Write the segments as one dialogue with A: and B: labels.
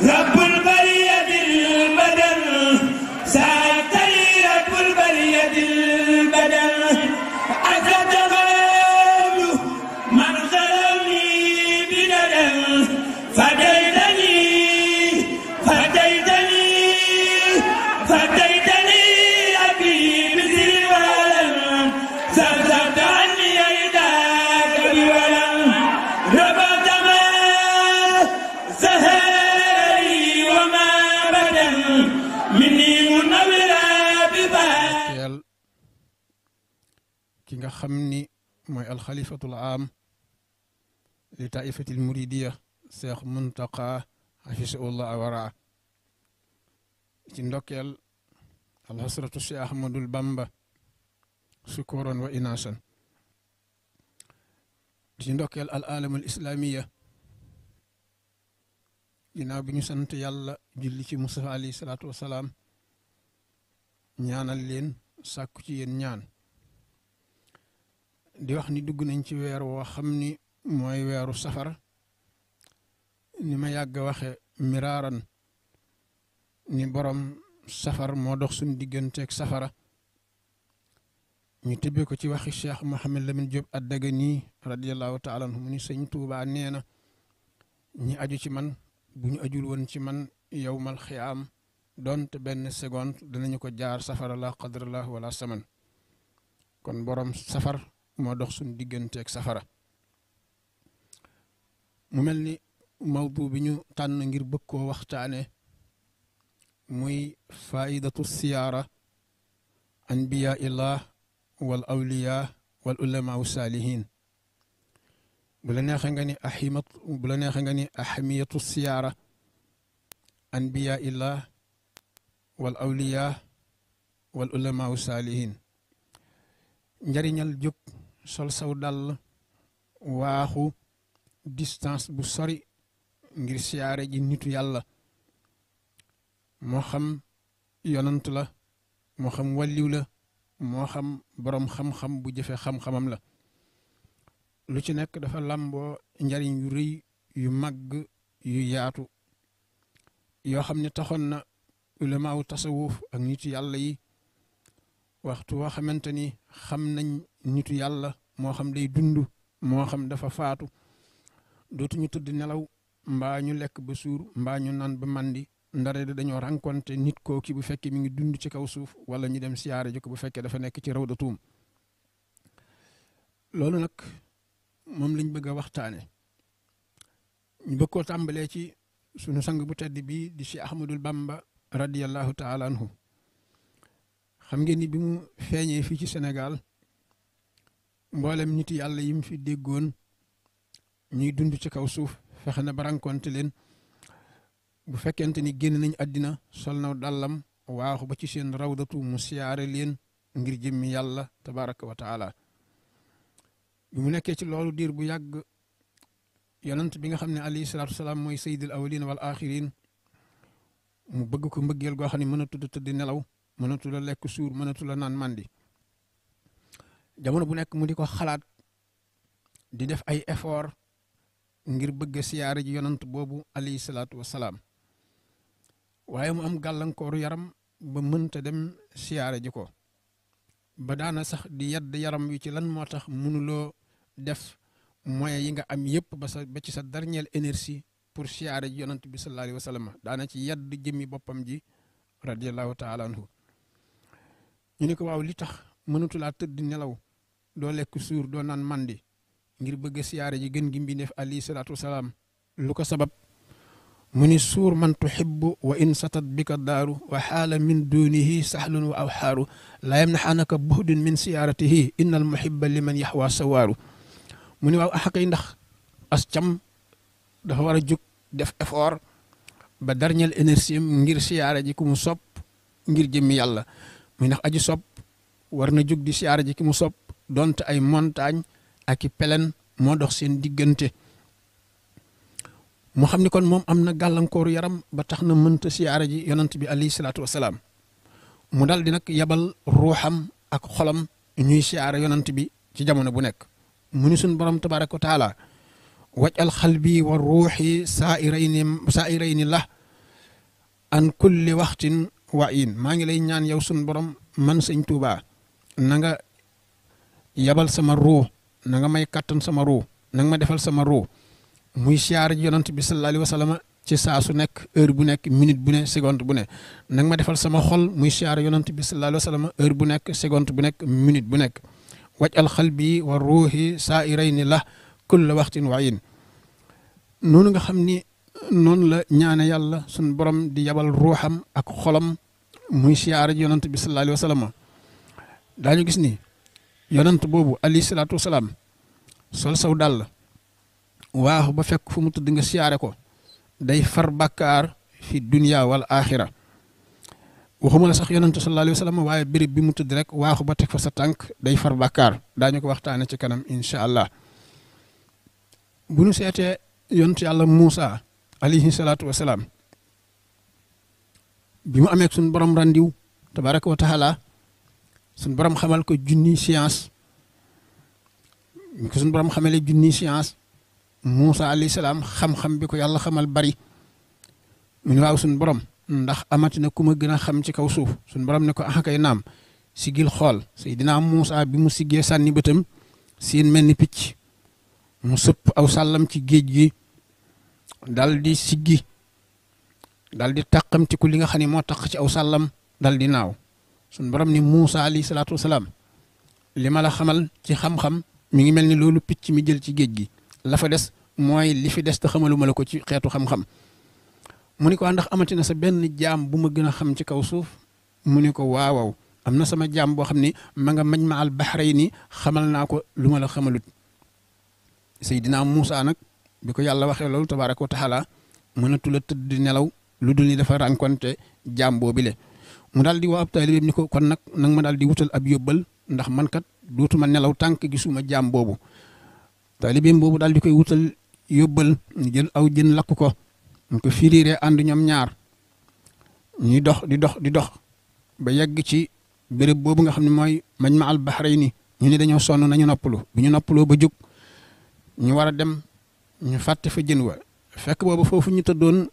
A: la
B: xam ni mooy alxalifatul aam li taifatil muridiya seex muntaqa xafisaullah wara ci ndokkeel alxasratu si ahmadul bamba sukuran wa inasan ci ndokkeel al alamul islamiya ginnaaw bi ñu sant yàlla julli ci Mustafa alayhi salaatu wasalaam ñaanal leen sàkku ci yéen ñaan di wax ni dugg nañ ci weer woo xam ni mooy weeru safar ni ma yàgg waxe miraaran ni borom safar moo dox suñu digganteeg safara ñu tëbbe ko ci waxi cheikh Mouhamed Lamine Diop Addaghani radiallahu taala anhu mu ni sëñ Tuubaa nee na ñi aju ci man bu ñu ajul woon ci man yowmal xiyaam donte benn seconde danañu ko jaar safara la qadrallah wala saman kon borom safar moo dox suñu digganteeg safara mu mel ni mawdu bi ñu tànn ngir bëgg koo waxtaane muy faidatu siyaara anbiyaa illah wal awliya wal ulama saalihin bu la nga ni ahimat bu la neexee nga ni ahamiyatu siyaara anbiyaa illah wal awliya wal ulama saalihin njariñal jóg sol saw dàll waaxu distance bu sori ngir siyaare ji nitu yàlla moo xam yonant la moo xam wàlliw la moo xam boroom xam-xam bu jëfe xam-xamam la lu ci nekk dafa làmboo njariñ yu rëy yu màgg yu yaatu yoo xam ne taxoon na ulamaaw tasawuf ak nitu yàlla yi waxtu woo xamante ni xam nañ nitu yàlla moo xam day dund moo xam dafa faatu dootuñu tëdd nelaw mbaa ñu lekk ba suur mbaa ñu naan ba màndi ndare dañoo rencontré nit koo ki bu fekkee mi ngi dund ci kaw suuf wala ñu dem siyaare ji ko bu fekkee dafa nekk ci raw da tuum loolu nag moom lañ bëgg a waxtaane ñu bëgg koo tàmbalee ci sunu sang bu tedd bii di Cheikh Ahmadul Bamba radiyallahu taala xam ngeen ni bi mu feeñee fii ci senegal mbooleem nit yàlla yi mu fi déggoon ñuy dund ci kaw suuf fexe na ba rencontré leen bu fekkente ni génn nañ àddina sol naw dàllam waax ba ci seen rawdatu mu siyaare leen ngir jëmmi yàlla tabaraka wa taala mu nekkee ci loolu diir bu yàgg yonent bi nga xam ne alayhi salaatu salaam mooy sayyidul awwalin wal axirin mu bëgg ko mbëggeel goo xam ne mënatu la tëdd nelaw mënatu la lekk suur mënatu la naan mandi jamono bu nekk mu di ko xalaat di def ay effort ngir bëgg siyaare ji yonant boobu alayhi salaatu wasalaam waaye mu am gàllankooru yaram ba mënta dem siyaare ji ko ba daana sax di yedd yaram wi ci lan moo tax mënuloo def moyens yi nga am yëpp ba sa ba ci sa pour siyaare ji yonant bi sallallahu alayhi wa sallam daana ci yedd jëmmi boppam ji radiallahu taala anhu ñu ne ko waaw li tax mënatulaa tëdd nelaw doo lekk suur doo naan mandi ngir bëgg siyaare ji gën gi mbindeef alayhi salaatu wasalaam lu ko sabab mu ni suur man tuhibbu wa in satat bika daaru wa xaala min dunihi sahlun wa awxaaru laa yamnaxanaka buhdun min siyaaratihi inna al muhibba liman yaxwa sawaaru mu ni waaw axakay ah, ndax as cam dafa war a jóg def effort ba dernière énergie ngir siyaare ji ku mu sob ngir jëmmi yàlla muy ndax aji sob war na jóg di siyaare ji ki mu sob dont ay montagne ak i pelen moo dox seen diggante moo xam ni kon moom am na gàllankooru yaram ba tax na mënta siyaara ji yonant bi alayhi salaatu wasalaam mu dal di nag yabal ruuxam ak xolam ñuy siyaara yonant bi ci jamono bu nekk mu ni suñ borom tabaraka waccal taala wajal xalbi wa ruuxi saairayni saairayni la an kulli waxtin wa in maa ngi lay ñaan yow suñ borom man sëñ Tuubaa yabal sama ruu na nga may kattan sama ruu nanga ma defal sama ruu muy siyaar yonent bi sallallahu alayhi wa sallam saa su nekk heure bu nekk minute bu ne seconde bu ne na ma defal sama xol muy siyaar yonent bi sallallahu alayhi wa sallam heure bu nekk seconde bu nekk minute bu nekk waj al xal bi wa ruuxi saa irayni la kulla waxtin waayin noonu nga xam ni noonu la ñaane yàlla suñ borom di yabal ruuxam ak xolam muy siyaar yonent bi sallallahu alayhi wa sallam gis ni yonent boobu alayhi salaatu salaam sol saw dàll waaxu ba fekk fu mu tëdd nga siyaare ko day far bàkkaar fi duniya wal axira waxuma la sax yonentu sallallahu alayhi wa sallam waaye béréb bi mu tëdd rek waaxu ba teg fa sa tànk day far bàkkaar daañu ko waxtaane ci kanam incha allah bu nu seetee yonentu yàlla Muusa alayhi salaatu wasalaam bi mu amee suñu borom randiw tabaraka wa taala suñ borom xamal ko junni science ko suñ borom xamale junni science Moussa alayhi salaam xam-xam bi ko yàlla xamal bari mu ñu waaw suñ borom ndax amati na ku ma gën a xam ci kaw suuf suñ borom ne ko ah kay naam sigil xool Seydina Moussa bi mu siggee sànni bëtam seen mel ni picc mu sëpp aw sàllam ci géej gi dal di siggi dal di tàqamtiku li nga xam ne moo taq ci aw sàllam dal di naaw suñ borom ni Muusa alayhi salaatu wasalaam li ma la xamal ci xam-xam mi ngi mel ni loolu picc mi jël ci géej gi lafa des mooy li fi des te xamaluma la ko ci xeetu xam-xam mu ni ko ah, ndax amati na sa benn jaam bu ma gën a xam ci kaw suuf mu ni ko waawaw am na sama jaam boo xam ni ma nga mañ ma al baxrayni xamal naa ko lu ma la dina Seydina Muusa nag bi ko yàlla waxee loolu tabaaraka wa taala mënatul a tëdd nelaw lu dul ni dafa rencontré jaam boobile mu daal di woo ab taalibeem ni ko kon nag nag ma daal di wutal ab yóbbal ndax man kat dootuma nelaw tànk gisuma jaam boobu taalibeem boobu daal di koy wutal yóbbal ñu jël aw jën lakk ko ñu ko firiiree ànd ñoom ñaar ñuy dox di dox di dox ba yegg ci béréb boobu nga xam ne mooy mañ ma al bahrayni ñu ne dañoo sonn nañu noppalu bu ñu noppaloo ba jóg ñu war a dem ñu fàtte fa jën wa fekk boobu foofu ñu tëddoon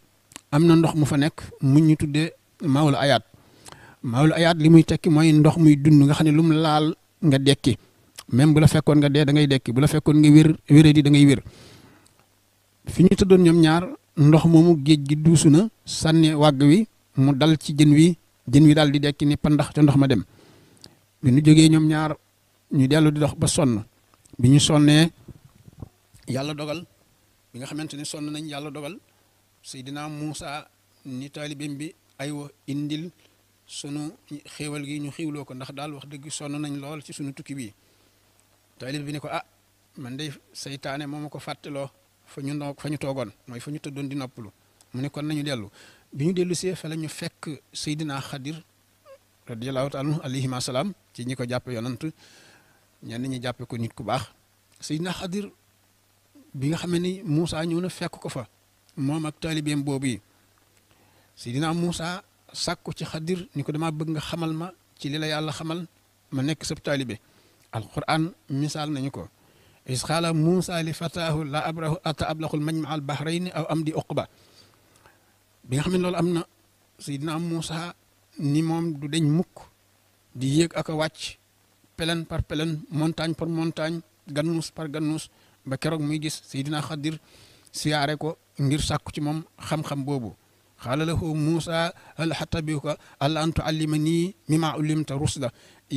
B: am na ndox mu fa nekk mu ñu tuddee maawul ayaat mawlu ayaat li muy tekki mooy ndox muy dund nga xam ne lu mu laal nga dekki même bu la fekkoon nga dee dangay dekki bu la fekkoon nga wér wéré di da ngay wér fi ñu tëddoon ñoom ñaar ndox moomu géej gi duusu na sànni wàgg wi mu dal ci jën wi jën wi daal di dekki ni pandax te ndox ma dem bi ñu jógee ñoom ñaar ñu dellu di dox ba sonn bi ñu sonnee yàlla dogal bi nga xamante ne sonn nañ yàlla dogal Seydina Muusa ni taalibeem bi aywa indil sunu xewal gi ñu xiiwloo ko ndax daal wax dëgg sonn nañ lool ci sunu tukki bi taalib bi ni ko ah man de saytaane moom ma ko fàttaloo fa ñu noo fa ñu toogoon mooy fa ñu tëddoon di noppalu mu ne kon nañu dellu bi ñu dellu see fa ñu fekk Seydina Xadir radiyallahu taala anhu alayhima salaam ci ñi ko jàppe yonant ñenn ñi jàppe ko nit ku baax Seydina Xadir bi nga xam ni Moussa ñëw na fekk ko fa moom ak taalibeem boobu yi sàkku ci xadir ni ko damaa bëgg nga xamal ma ci lilay la xamal ma nekk sab taalibe alquran misaal nañu ko is xaala muusa li fataahu la abrahu ata ablaxul majma al bahrayni aw am di uqba bi nga xam ne loolu am na sayidina muusa ni moom du deñ mukk di yéeg ak a wàcc pelen par pelen montagne par montagne gannuus par gannuus ba keroog muy gis sayidina xadir siyaare ko ngir sàkku ci moom xam-xam boobu qaala lahu Muusaa hal attabi'uka alaa an tu'allimanii mimmaa ullimta rushdaa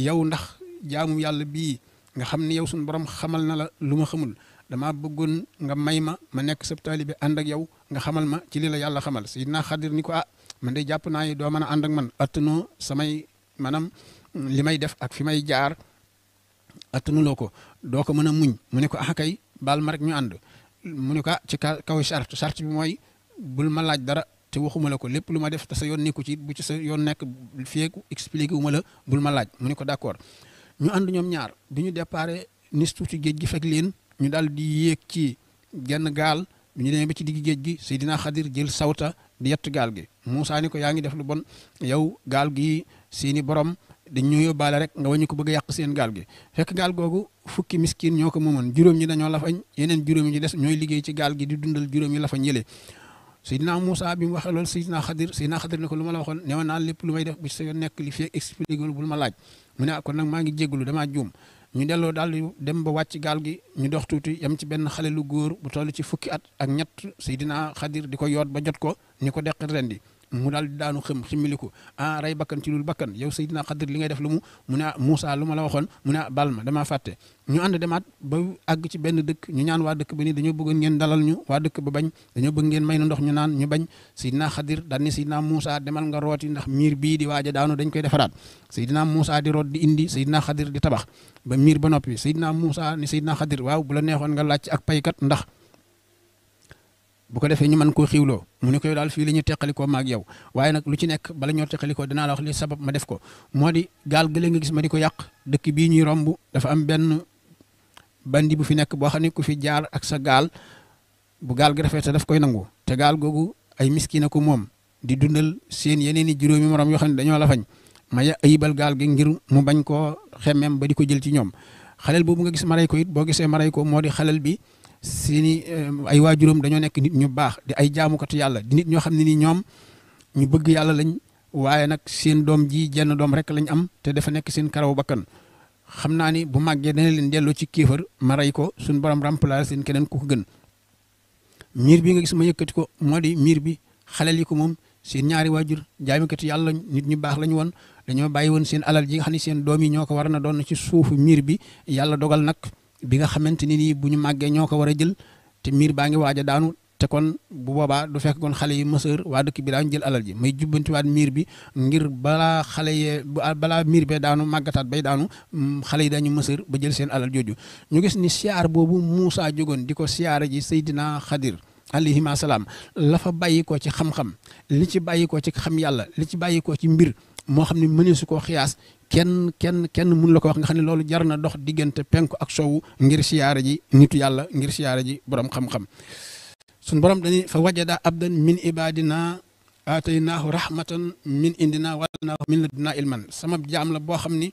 B: yow ndax jaamu yàlla bii nga xam ne yow suñu borom xamal na la lu ma xamul damaa bëggoon nga may ma ma nekk sab bi ànd ak yow nga xamal ma ci li la yàlla xamal Seydina Xadir ni ko ah man de jàpp naa ne doo man a ànd ak man attanoo samay maanaam li may def ak fi may jaar attanuloo ko doo ko mën a muñ mu ne ko ah kay baal ma rek ñu ànd ah, ci kaw charte charte bi mooy bul ma laaj dara. te waxuma la ko lépp lu ma def te sa yoon nekku ci bu ci sa yoon nekk feek expliqué wu ma la bul ma laaj mu ne ko d' accord ñu ànd ñoom ñaar bi ñu déparé nis ci géej gi fekk leen ñu daal di yéeg ci genn gaal bi ñu demee ba ci digg géej gi Seydina Xadir jël sawta di yett gaal gi Moussa ni ko yaa ngi def lu bon yow gaal gi seeni borom dañ ñoo yóbbaale rek nga wañu ko bëgg a yàq seen gaal gi fekk gaal googu fukki miskin ñoo ko moomoon juróom ñi dañoo lafañ yeneen juróom yi ci des ñooy liggéey ci gaal gi di dundal juróom yi lafañ yële Seydina Moussa bi mu waxee loolu Seydina Xadir Seydina Xadir ne ko lu ma la waxoon newoon naa lépp lu may def bu ci sa yoon nekk li fii expliqué bul ma laaj mu ne ah, kon nag maa ngi jégalu damaa juum ñu delloo daal dem ba wàcc gaal gi ñu dox tuuti yam ci benn xale lu góor bu toll ci fukki at ak ñett Seydina Xadir di ko yoot ba jot ko ni ko deqi rendi mu daal di daanu xëm ximmiliku ah rey bakkan ci lul bakkan yow Seydina Xadir li ngay def lu mu mu ne ah Moussa lu ma la waxoon mu ne ah bal ma damaa fàtte ñu ànd demaat ba àgg ci benn dëkk ñu ñaan waa dëkk ba ni dañoo bëgg ngeen dalal ñu waa dëkk ba bañ dañoo bëgg ngeen may na ndox ñu naan ñu bañ Seydina Xadir daal ni Seydina Moussa demal nga rooti ndax miir bii di waaja daanu dañ koy defaraat Seydina Moussa di root di indi Seydina Xadir di tabax ba miir ba noppi Seydina Moussa ni Seydina Xadir waaw bu la neexoon nga laaj ak paykat ndax bu ko defee ñu mën koo xiwloo mu ne ko daal fii la ñu teqalikoo maag yow waaye nag lu ci nekk bala ñoo teqalikoo dinaa la wax li sabab ma def ko moo di gaal gële nga gis ma di ko yàq dëkk bii ñuy romb dafa am benn bandi bu fi nekk boo xam ne ku fi jaar ak sa gaal bu gaal gi rafet daf koy nangu te gaal googu ay miskina ko moom di dundal seen yeneen i juróomi morom yoo xam ne dañoo la fañ ma ayibal gaal gi ngir mu bañ koo xemmeem ba di ko jël ci ñoom xaleel boobu nga gis maray ko it boo gisee maray ko moo di xalel bi seeni eh, ay waajuram dañoo nekk nit ñu baax di ay jaamukatu yàlla di nit ñoo xam ne ni ñoom ñu bëgg yàlla lañ waaye nag seen doom ji jenn doom rek lañ am te dafa nekk seen karaw bakkan xam naa ni bu màggee dana leen delloo ci kéefar ma rey ko suñ borom remplacer seen keneen ku gën miir bi nga gis ma yëkkati ko moo di miir bi xaleel yi ko moom seen ñaari waajur jaamikatu yàlla nit ñu baax lañ woon dañoo bàyyi woon seen alal ji nga xam ne seen doom yi ñoo ko war na doon ci suufu miir bi yàlla dogal nag bi nga xamante ni nii bu ñu màggee ñoo ko war a jël te miir baa ngi waaj a daanu te kon bu boobaa du fekk kon xale yi mësër waa dëkk bi daañu jël alal ji may jubbantiwaat miir bi ngir balaa xale yee balaa miir bee daanu màggataat bay daanu mm, xale yi dañu mësër ba jël seen alal jooju ñu gis ni siyaar boobu Moussa jógoon di ko siyaara ji Seydina Xadir alayhima salaam la fa bàyyi ko ci xam-xam li ci bàyyi ko ci xam yàlla li ci bàyyi ko ci mbir moo xam ne mëneesu ko xiyaas kenn kenn kenn mun la ko wax nga xam ne loolu jar na dox diggante penk ak sowu ngir siyaara ji nitu yàlla ngir siyaara ji boroom xam-xam sun borom dañuy fa wajada abdan min ibadina ataynaahu rahmatan min indina walanaahu min ladunaa ilman sama jaam la boo xam ni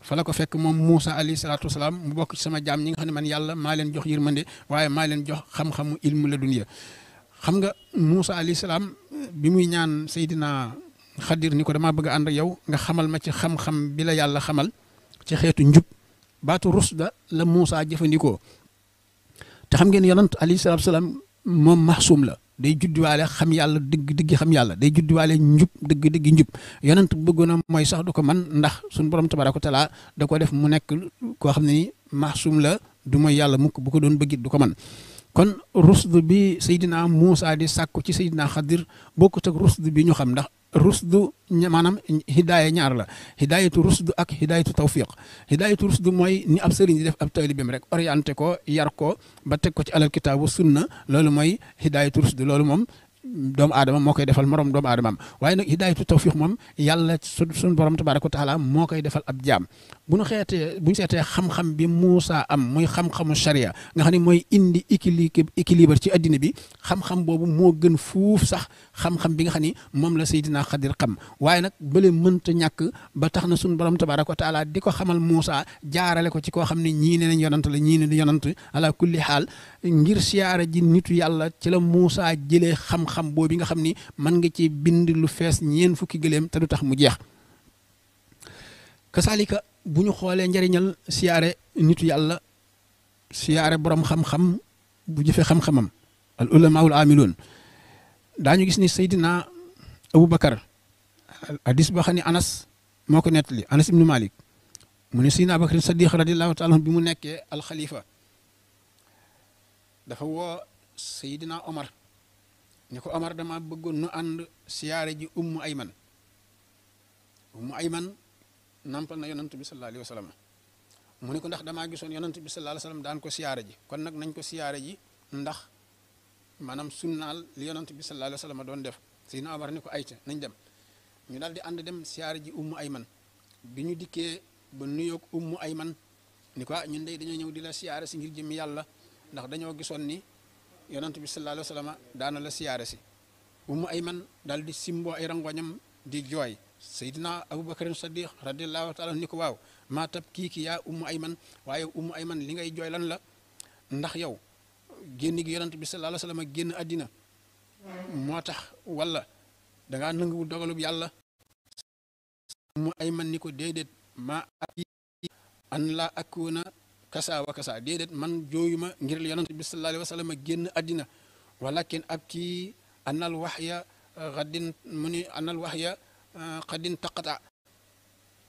B: fa la ko fekk moom Moussa alayhi salaatu wasalaam mu bokk sama jaam ñi nga xam ne man yàlla maa leen jox yërmande waaye maa leen jox xam-xamu ilmu la dunya xam nga Moussa alayhi salaam bi muy ñaan Seydina xadir ni ko damaa bëgg a ànd ak yow nga xamal ma ci xam-xam bi la yàlla xamal ci xeetu njub baatu rusda la Moussa jëfandikoo te xam ngeen yonant alayhi salaatu salaam moom maxsuum la day juddiwaale xam yàlla dëgg dëgg xam yàlla day juddiwaale njub dëgg dëgg njub yonant bëggoon a mooy sax du ko man ndax suñu borom tabaaraka wa taala da ko def mu nekk koo xam ne ni maxsuum la du mooy yàlla mukk bu ko doon bëggit du ko man kon rusd bi Seydina Moussa di sàkku ci Seydina Xadir bokkut ak rusd bi ñu xam ndax rusdu maanaam hidaaya ñaar la hidaayatu rusdu ak hidaayatu tawfiq hidaayatu rusdu mooy ni ab sëriñ di def ab taalibeem rek orienté ko yar ko ba teg ko ci alal kitaabu sunna loolu mooy hidaayatu rusdu loolu moom doomu aadama moo koy defal moroom doomu aadamaam waaye nag hidaayatu tawfiq moom yàlla su suñu borom tabaaraka wa taala moo koy defal ab jaam bu nu xeetee bu ñu seetee xam-xam bi Moussa am mooy xam-xamu sharia nga xam ne mooy indi équilibre équilibre ci addina bi xam-xam boobu moo gën fuuf sax xam-xam bi nga xam ni moom la Seydina Xadir xam waaye nag bële mënta ñàkk ba tax na suñu borom tabaaraka wa taala di ko xamal Moussa jaarale ko ci koo xam ne ñii ne nañ yonant la ñii ne yonant ala kulli ngir siyaara ji nitu yàlla ci la Moussa jëlee xam-xam boobu nga xam ni mën nga ci bind lu fees ñeen fukki gëléem te du tax mu jeex kasaalika bu ñu xoolee njariñal siyaare nitu yàlla siyaare borom xam-xam bu jëfee xam-xamam al ulamaul amiloon daañu gis ni Seydina Aboubacar hadis ba xam ne Anas moo ko nettali Anas ibnu Malik mu ne Seydina Aboubacar Sadiq radiyallahu taala bi mu nekkee alxalifa dafa woo Seydina Omar ni ko Omar dama bëggoon nu ànd siyaare ji ummu ayman ummu ayman nampal na yonant bi sallallahu alayhi wa sallam mu ne ko ndax damaa gisoon yonant bi sallallahu alayhi wa sallam daan ko siyaare ji kon nag nañ ko siyaare ji ndax maanaam sunnaal li yonant bi sallallahu alayhi wa sallam doon def Seydina Omar ni ko ayta nañ dem ñu daal di ànd dem siyaare ji ummu ayman bi ñu dikkee ba nuyoog ummu ayman ni ko ah, ñun ndey dañoo ñëw di la siyaare si ngir jëmi yàlla ndax dañoo gisoon ni yonent bi sallallahu alayhi wa sallam daana la siyaare si umu ay man daal di simbo ay rangoñam di jooy Seydina Abubakarin Sadiq radiallahu taala ni ko waaw maa tab kii ki yaa umu ay waaye umu ay man li ngay jooy lan la ndax yow génn gi yonent bi sallallahu alayhi wa génn àddina moo tax wala dangaa nanguwul dogalub yàlla umu ay ni ko déedéet maa ab umm an laa kasa wa kasa déedéet man jooyuma ngir li yonent bi sallallahu alayhi wa a génn àddina kenn ab kii annal waxya euh, xaddin mu ni annal waxya euh, xaddin taqata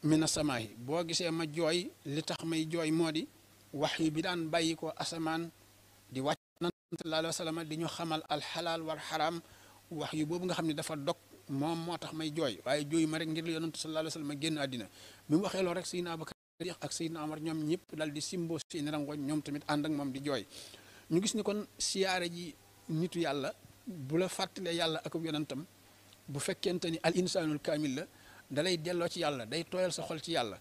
B: min asamaayi boo gisee ma jooy li tax may jooy moo di wax waxyu bi daan bàyyi ko asamaan di wàcc nan sallallahu alayhi wa di ñu xamal alxalaal wal xaraam wax waxyu boobu nga xam ne dafa dog moom moo tax may jooy waaye jooyu ma rek ngir li yonent sallallahu alayhi wa sallam génn àddina bi mu rek Seydina Abubakar Sëriñ ak Seydina Omar ñoom ñëpp dal di simbo seeni rangoñ ñoom tamit ànd ak moom di jooy ñu gis ni kon siyaare ji nitu yàlla bu la fàttalee yàlla ak yonentam bu fekkente ni al insaanul kaamil la dalay delloo ci yàlla day tooyal sa xol ci yàlla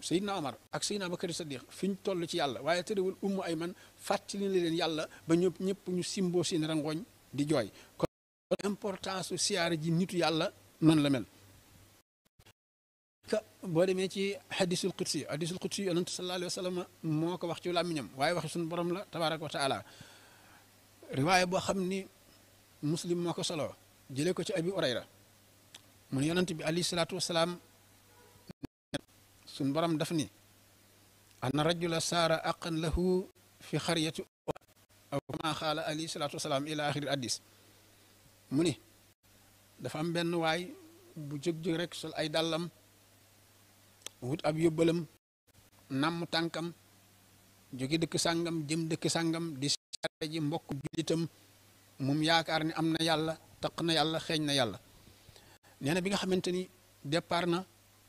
B: Seydina Omar ak Seydina Bakari Sadiq fi ñu toll ci yàlla waaye terewul ummu ay man fàttali na leen yàlla ba ñoom ñëpp ñu simbo seeni rangoñ di jooy kon importance ji nitu yàlla noonu la mel ka boo demee ci hadisul qudsi hadisul qudsi yonentu sallallahu alayhi wa moo ko wax ci làmmiñam waaye wax suñu borom la tabaraka wa taala riwaaya boo xam ni muslim moo ko soloo jëlee ko ci abi urayra mun yonent bi alayhi salaatu wasalaam suñu borom daf ni anna rajula saara aqan lahu fi xariyati aw ma xaala alayhi salaatu wasalaam ila axiri addis mu ni dafa am benn waay bu jóg-jóg rek sol ay dàllam wut ab yóbbalam namm tànkam jóge dëkk sangam jëm dëkk sangam di siyaare ji mbokk jullitam mum yaakaar ni am na yàlla taq na yàlla xeeñ na yàlla nee bi nga xamante ni départ na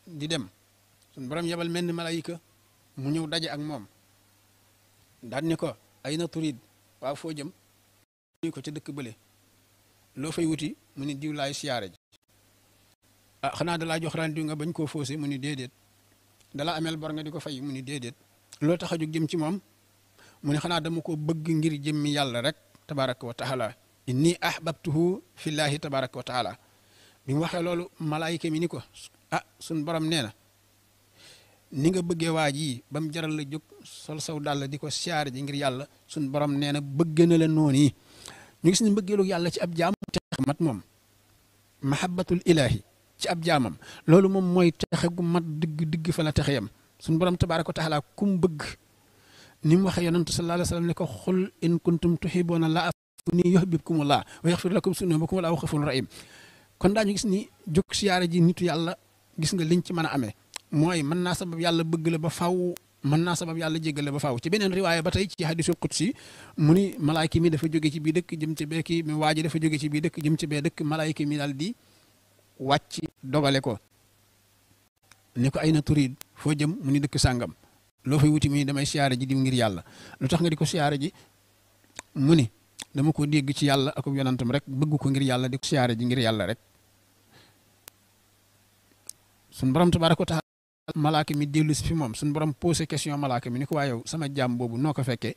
B: di dem suñ borom yebal mel ni malayika mu ñëw daje ak moom daan ni ko ay na turid waaw foo jëm ni ko ca dëkk bële loo wuti mu ni diw laay siyaare ji ah xanaa dalaa jox raan diw nga bañ koo foose mu ni déedéet dala ameel bor nga di ko fay mu ni déedéet loolu tax a jóg jëm ci moom mu ne xanaa dama ko bëgg ngir jëmmi yàlla rek tabaraka wa taala inni ahbabtuhu fillahi tabaraka wa taala bi mu waxee loolu malaayika mi ni ko ah suñ borom nee na ni nga bëggee waa ji ba mu jaral la jóg sol saw dàll di ko siyaar ji ngir yàlla suñ borom nee na bëgg na la noonu yi ñu gis ne mbëggeelu yàlla ci ab jaam mat moom mahabbatul ilahi ci ab jaamam loolu moom mooy texe gu mat digg digg fa la texe yam suñu borom tabaaraka wa taala ku mu bëgg ni mu waxee yonantu sallallahu alayhi wa sallam ne ko xul in kuntum tuhibbuuna laa nii yuhbibkumullaa wa yaxfir lakum sunuubakum wallaahu xafuurun rahiim kon daañu gis ni jóg siyaare ji nitu yàlla gis nga liñ ci mën a amee mooy mën naa sabab yàlla bëgg la ba faw mën naa sabab yàlla jéggale ba faw ci beneen riwaaya ba tey ci hadisul qudsi mu ni malaayka mi dafa jóge ci bii dëkk jëm ci bee kii waa ji dafa jóge ci bii dëkk jëm ci bee dëkk malaayka mi daal di dogale ko ne ko ay na turid foo jëm mu ni dëkk sàngam loo fay wuti mu ni damay siyaare ji di ngir yàlla lu tax nga di ko siyaare ji mu ni dama ko dégg ci yàlla ak yonantam rek bëgg ko ngir yàlla di ko siyaare ji ngir yàlla rek suñ borom tabaaraka wa taala malaaka mi dellu si fi moom suñ borom posé question malaaka mi ni ko waa yow sama jàmm boobu noo ko fekkee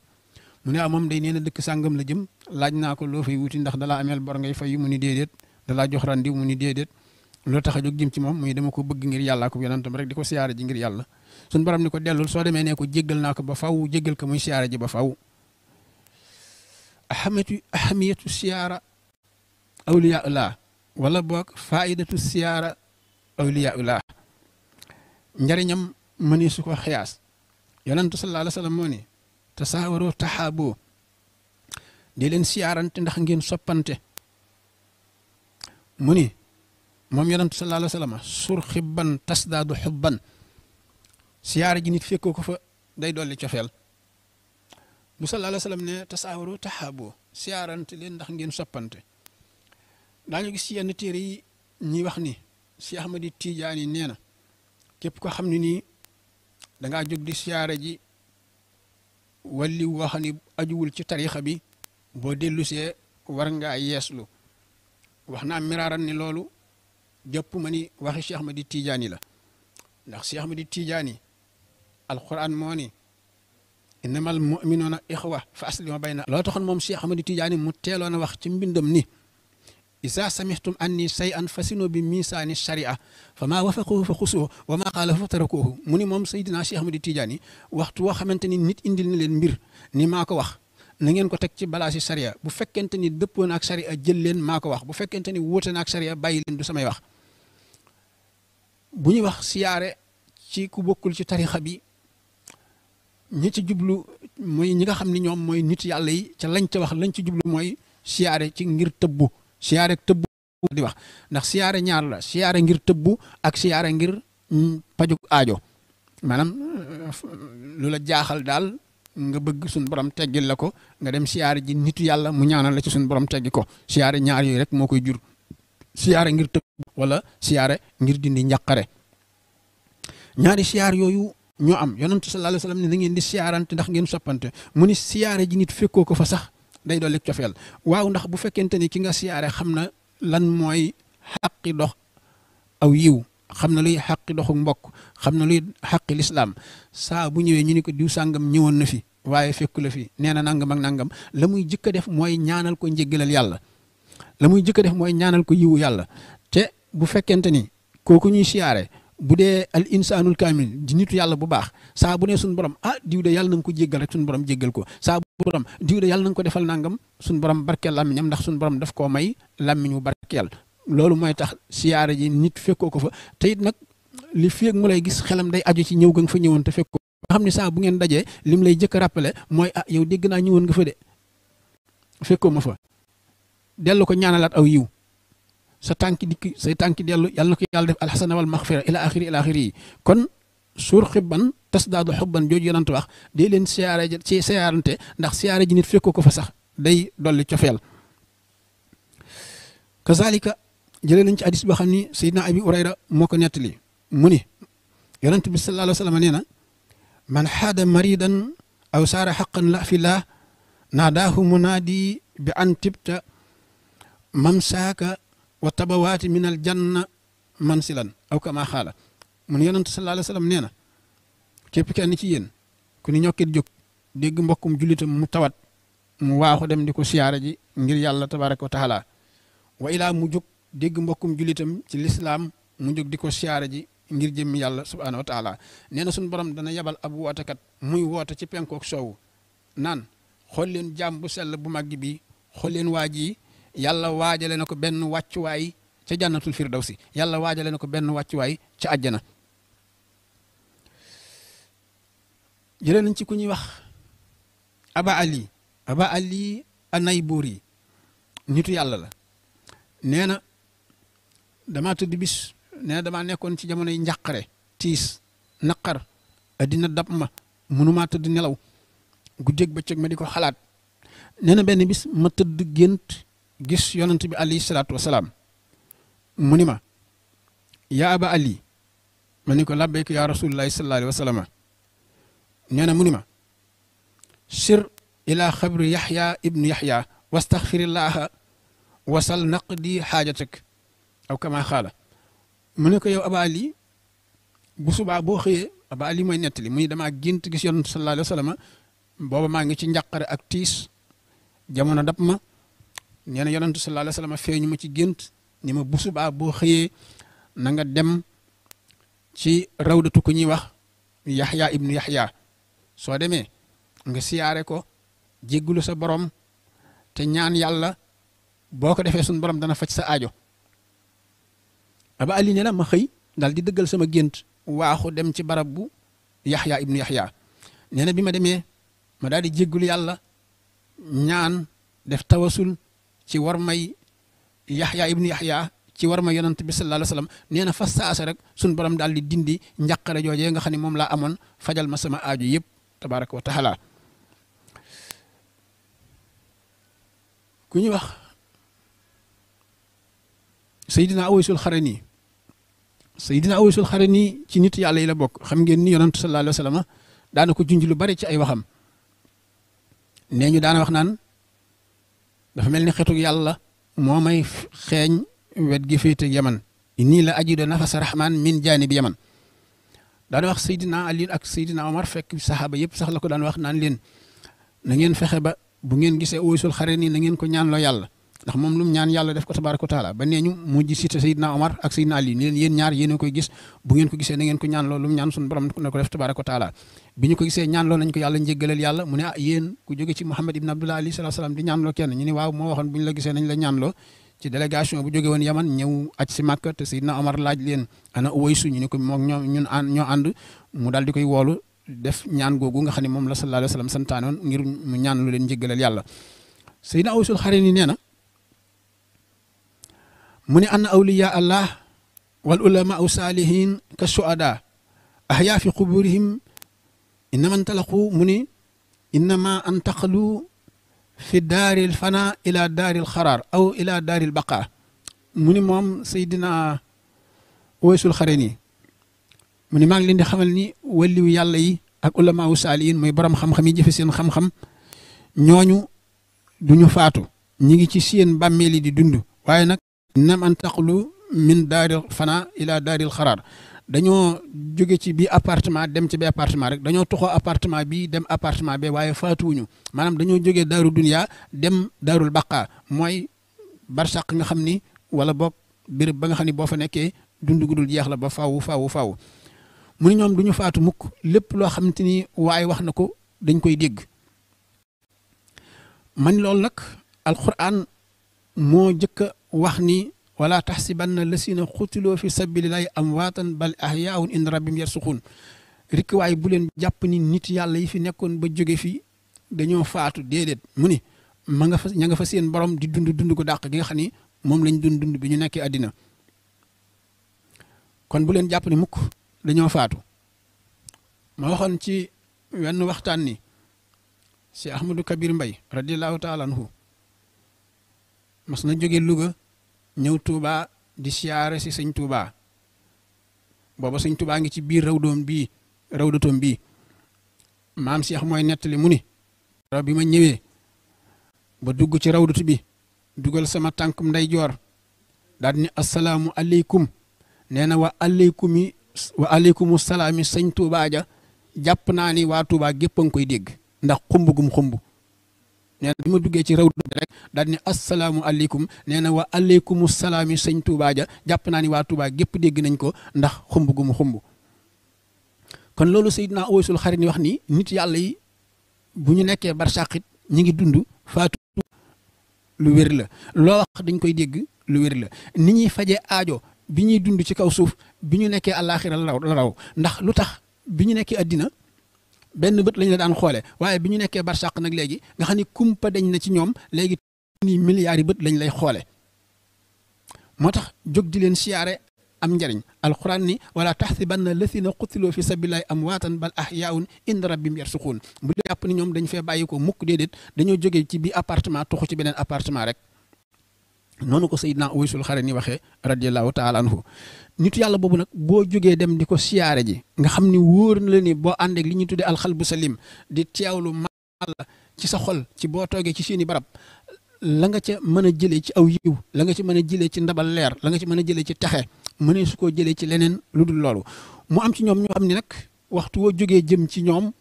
B: mu ne ah moom day nee na dëkk sàngam la jëm laaj naa ko loo fay wuti ndax dalaa ameel bor ngay fay mu ni déedéet dalaa jox randi mu ni déedéet lu tax a jóg jim ci moom muy dama ko bëgg ngir yàlla ko yonentam rek di ko siyaare ji ngir yàlla suñu borom ni ko dellul soo demee ne ko jéggal naa ko ba faw jéggal ko muy siyaare ji ba faw ahamatu ahamiyatu siyaara awliyaa ullah wala boog faidatu siyaara njariñam mëni su ko xiyaas yonentu sallallahu alayhi wa sallam moo tasaawaroo taxaaboo di leen ndax ngeen soppante mu moom yonent sallallahu alayhi wa sallam sur xibban tasdaadu xubban siyaare ji nit fekkoo ko fa day dolli cofeel bu sallallahu alayhi wa sallam ne tasaawaru taxaaboo siyaarante leen ndax ngeen soppante daañu gis ci yenn téere yi ñuy wax ni si Ahmadi Tiijaan yi nee na képp ko xam ne nii dangaa jóg di siyaare ji walli woo xam ni ajuwul ci tariixa bi boo dellusee war ngaa yeeslu wax naa miraaran ni loolu jëpp ma ni waxi Cheikh Ahmadi Tijaani la ndax Cheikh Ahmadi Tijaani alquran moo ni innamal mu'minuuna ixwa fa aslimu bayna loo taxoon moom ma di Tijaani mu teeloon a wax ci mbindam ni isa samihtum anni shay'an fasinu bi misaani sharia fa maa wafaquhu fa xusuhu wa maa xaalafu fa tarakuhu mu ni moom Seydina Cheikh Ahmadi Tijaani waxtu woo xamante ni nit indil na leen mbir ni maa ko wax na ngeen ko teg ci balaasi sharia bu fekkente ni dëppoon ak sharia jël leen maa ko wax bu ni wóote na ak sharia bàyyi leen samay wax bu ñuy wax siyaare ci ku bokkul ci tarixa bi ñi ci jublu mooy ñi nga xam ni ñoom mooy nit yàlla yi ca lañ ca wax lañ ci jublu mooy siyaare ci ngir tëbbu siyaare tëbbu di wax ndax siyaare ñaar la siyaare ngir tëbbu ak siyaare ngir pajug aajo maanaam euh, lu la jaaxal daal nga bëgg suñu borom teggil la ko nga dem siyaare ji nitu yàlla mu ñaanal la ci suñu borom teggi ko siyaare ñaar yooyu rek moo koy jur siyaare ngir tëb wala siyaare ngir dindi njaqare ñaari siyaar yooyu ñoo am yonent sallallahu alayhi wasallam ne na ngeen di siyaarante ndax ngeen soppante muni ni siyaare ji ngit fekkoo ko fa sax day dolli cofeel waaw ndax bu fekkente ni ki nga siyaare xam na lan mooy xaqi dox aw yiw xam na luy xaqi doxu mbokk xam na luy xaqi lislaam saa bu ñëwee ñu ni ko diw sàngam ñëwoon na fi waaye fekk la fi nee na nangam ak nangam la muy jëkk a def mooy ñaanal ko njéggalal yàlla la muy jëkk a def mooy ñaanal ko yiwu yàlla te bu fekkente ni kooku ñuy siyaare bu dee al insaanul kaamil di nitu yàlla bu baax saabu bu ne suñu borom ah diw de yàlla na nga ko jéggal rek suñu borom jéggal ko saa bu borom diw yàlla na nga ko defal nangam suñu barke barkeel làmmiñam ndax suñu borom daf koo may làmmiñu barkeel loolu mooy tax siyaare ji nit fekkoo ko fa te it nag li feeg mu lay gis xelam day aju ci ñëw ga nga fa ñëwoon te fekkoo nga xam ne saa bu ngeen dajee lim lay jëkk a mooy ah yow dégg naa ñëwoon nga fa de fekkoo ma fa dellu ko ñaanalaat aw yiw sa tànki dikk say tànki dellu yàlla na ko yàlla def alxasana wal maxfira ila axiri ila axiri yi kon suur xibban tas daadu jooju yonant wax dee leen siyaarante ndax siyaare ji nit fekko ko fa sax day dolli cofeel kazalika jëlee nañ ci hadis boo xam ni Seydina Abi Urayra moo ko nettali mu ni yonent bi sallallahu alayhi wa sallam nee man xaada maridan aw saara xaqan la fi laa naadaahu munaadi bi mamsaaka wa tabawaati min al janna mansilan aw kama xaala mun yonent sallallahu alayhi wa sallam nee na képp kenn ci yéen ku ni ñokkit jóg dégg mbokkum jullitam mu tawat mu waaxu dem di ko siyaara ji ngir yàlla tabaraka wa taala wa ilaa mu jóg dégg mbokkum jullitam ci mu jóg di ko siyaara ji ngir jëmmi yàlla subhaanahu wa nee na suñu borom dana yebal ab wootekat muy woote ci penkook sow naan xool leen bu sell bu màgg bi xool leen yàlla waajale na ko benn wàccuwaay ca jannatul firdawsi yàlla waajale na ko benn wàccuwaay ca àjjana jëlee nañ ci ku ñuy wax aba ali aba ali anay buur yi nitu yàlla la nee na damaa tëdd bis nee dama nekkoon ci jamonoy njàqare tiis naqar addina dab ma mënumaa tëdd nelaw guddeeg bëccëg ma di ko xalaat nee benn bis ma tëdd gént gis yonent bi alayhi salaatu wasalaam mu ni ma yaa aba ali ma ni ko labbayk yaa rasulullahi sallallahu alayhi wa sallam nee na mu ni ma sir ila xabri yaxya ibnu yaxya wastaxfirillaha wasal naqdi xaajatak aw kama xaala mu ne yow aba ali bu subaa boo xëyee aba ali mooy nettali mu ni damaa gént gis yonent sallallahu alayhi booba maa ngi ci njàqare ak tiis jamono dab ma nee na yonentu sallallahu alayhi wa sallam ma ci gént ni ma bu subaa boo xëyee nanga dem ci rawdatu ku ñuy wax yaxya ibnu yaxya soo demee nga siyaare ko jéggulu sa borom te ñaan yàlla boo ko defee suñu borom dana faj sa aajo aba ali ne la ma xëy dal di dëggal sama gént waaxu dem ci barab bu yaxya ibnu yaxya nee bi ma demee ma daal di jéggulu yàlla ñaan def tawasul ci war may yaxya ibnu yaxya ci war ma yonent bi sallallahu alayhi wasallam nee na fa saasa rek suñu borom daal di dindi njàqare joojee nga xam ne moom laa amoon fajal ma sama aaju yëpp tabaraka wa taala ku ñuy wax Seydina Awaysul Xarani Seydina xare Xarani ci nit yàlla yi la bokk xam ngeen ni yonent sallallahu alayhi wasallam daana ko junj lu bari ci ay waxam nee ñu daana wax naan dafa mel ni xetuk yàlla moo may xeeñ wet gi féete yaman nii la ajido nafasa rahman min jaanib yaman daana wax Seydina Ali ak Seydina Omar fekk saxaaba yëpp sax la ko daan wax naan leen na ngeen fexe ba bu ngeen gisee uwaysul xare nii na ngeen ko ñaan ñaanloo yàlla ndax moom lu mu ñaan yàlla def ko tabaaraka taala ba nee ñu mujj cité Seydina Omar ak Seydina Ali ni leen yéen ñaar yéen a koy gis bu ngeen ko gisee na ngeen ko ñaan loolu lu mu na ko loo nañ ko yàlla mu ne ah woon Yaman ñëw aj si Màkka te Seydina Omar laaj leen ana Uways ñu ne ko moom ñoo ñun ñoo ànd mu daal di koy woolu def ñaan googu nga xam ne moom la sallallahu alayhi wa sallam santaanoon ngir mu ñaan lu leen njéggalal yàlla Seydina Uwaysul Xarini nee na mu ne anna awliya allah wal ulama aw saalihin ka suada ahya fi quburihim innama antalaqu mu ni innama antaqalu fi daaril fana ila daaril xaraar aw ila daaril baqa mu ni moom Seydina Uwaysul Xarani mu ni maa ngi leen di xamal ni wàlliwu yàlla yi ak ulama wu saalihin mooy borom xam yi jëfe seen xam-xam ñooñu du ñu faatu ñi ngi ci seen bàmmeel di dund waaye nag nam an taqlu min daaril fana ila daaril xaraar dañoo jóge ci bii appartement dem ci bi appartement rek dañoo toxo appartement bi dem appartement bi waaye faatuwuñu maanaam dañoo jógee daaru dunya dem daarul baqa mooy barsàq nga xam ni wala boog béréb ba nga xam ni boo fa nekkee dund gudul jeex la ba faaw faaw faaw mu ñoom duñu faatu mukk lépp loo xamante ni waaye wax na ko dañ koy dégg man loolu nag alquran moo jëkka wax ni si taxsibanna lasina xutiloo fi sabilillahi amwaatan bal ahyaun inda rabbim yarsuqun rikk waay bu leen jàpp ni nit yàlla yi fi nekkoon ba jóge fi dañoo faatu déedéet mu ni ma nga fa ña nga fa seen boroom di dund dund ko dàq gi nga xam ni moom lañ dund dund bi ñu nekkee àddina kon bu leen jàpp ni mukk dañoo faatu ma waxoon ci wenn waxtaan ni si Ahmadou Kabir Mbay radiallahu taala anhu mas na jóge luga ñëw Touba di siyaare si sëñ Touba booba sëñ Touba ngi ci biir raw doom bii raw dotoom bii maam Cheikh mooy nettali mu ni raw bi ma ñëwee ba dugg ci raw dotu bi dugal sama tànkum ndeyjoor daal ni asalaamu aleykum nee na wa aleykumi wa aleykumu salaami sëñ Touba ja jàpp naa ni waa Touba gépp a ngi koy dégg ndax xumb gum xumb nee na ma duggee ci raw bi rek daal ne asalaamualeykum nee na wa aleykumu salaami sëñ Touba jàpp naa ni waa Touba gépp dégg nañ ko ndax xumb gu xumb kon loolu Seydina Uwaysul Xarini wax ni nit yàlla yi bu ñu nekkee barsàqit ñi ngi dund faatu lu wér la loo wax dañ koy dégg lu wér la ni ñuy fajee aajo bi ñuy dund ci kaw suuf bi ñu nekkee àllaaxira la raw ndax lu tax bi ñu nekkee àddina benn bët lañ la daan xoole waaye bi ñu nekkee barsàq nag léegi nga xam ni kumpa dañ na ci ñoom léegi nii milliards yi bët lañ lay xoole moo tax jóg di leen siyaare am njariñ alquran ni wala taxsibanna lazina qutiloo fi sa sabilillahi amwaatan bal ahyaun bi rabbim yarsuquun bu leen jàpp ni ñoom dañ fee bàyyi ko mukk déedéet dañoo jógee ci bi appartement tuxu ci beneen appartement rek noonu ko Seydina Uwaysul Xarani waxee radiallahu taala anhu nitu yàlla boobu nag boo jógee dem di ko siyaare ji nga xam ni wóor na leen ni boo àndeek li ñuy tuddee alxalbu salim di teewlu màlla ci sa xol ci boo toogee ci seeni barab la nga ca mën a jëlee ci aw yiw la nga ci mën a jëlee ci ndabal leer la nga ci mën a jëlee ci taxe mënee su koo jëlee ci leneen lu dul loolu mu am ci ñoom ñoo xam ni nag waxtu woo jógee jëm ci ñoom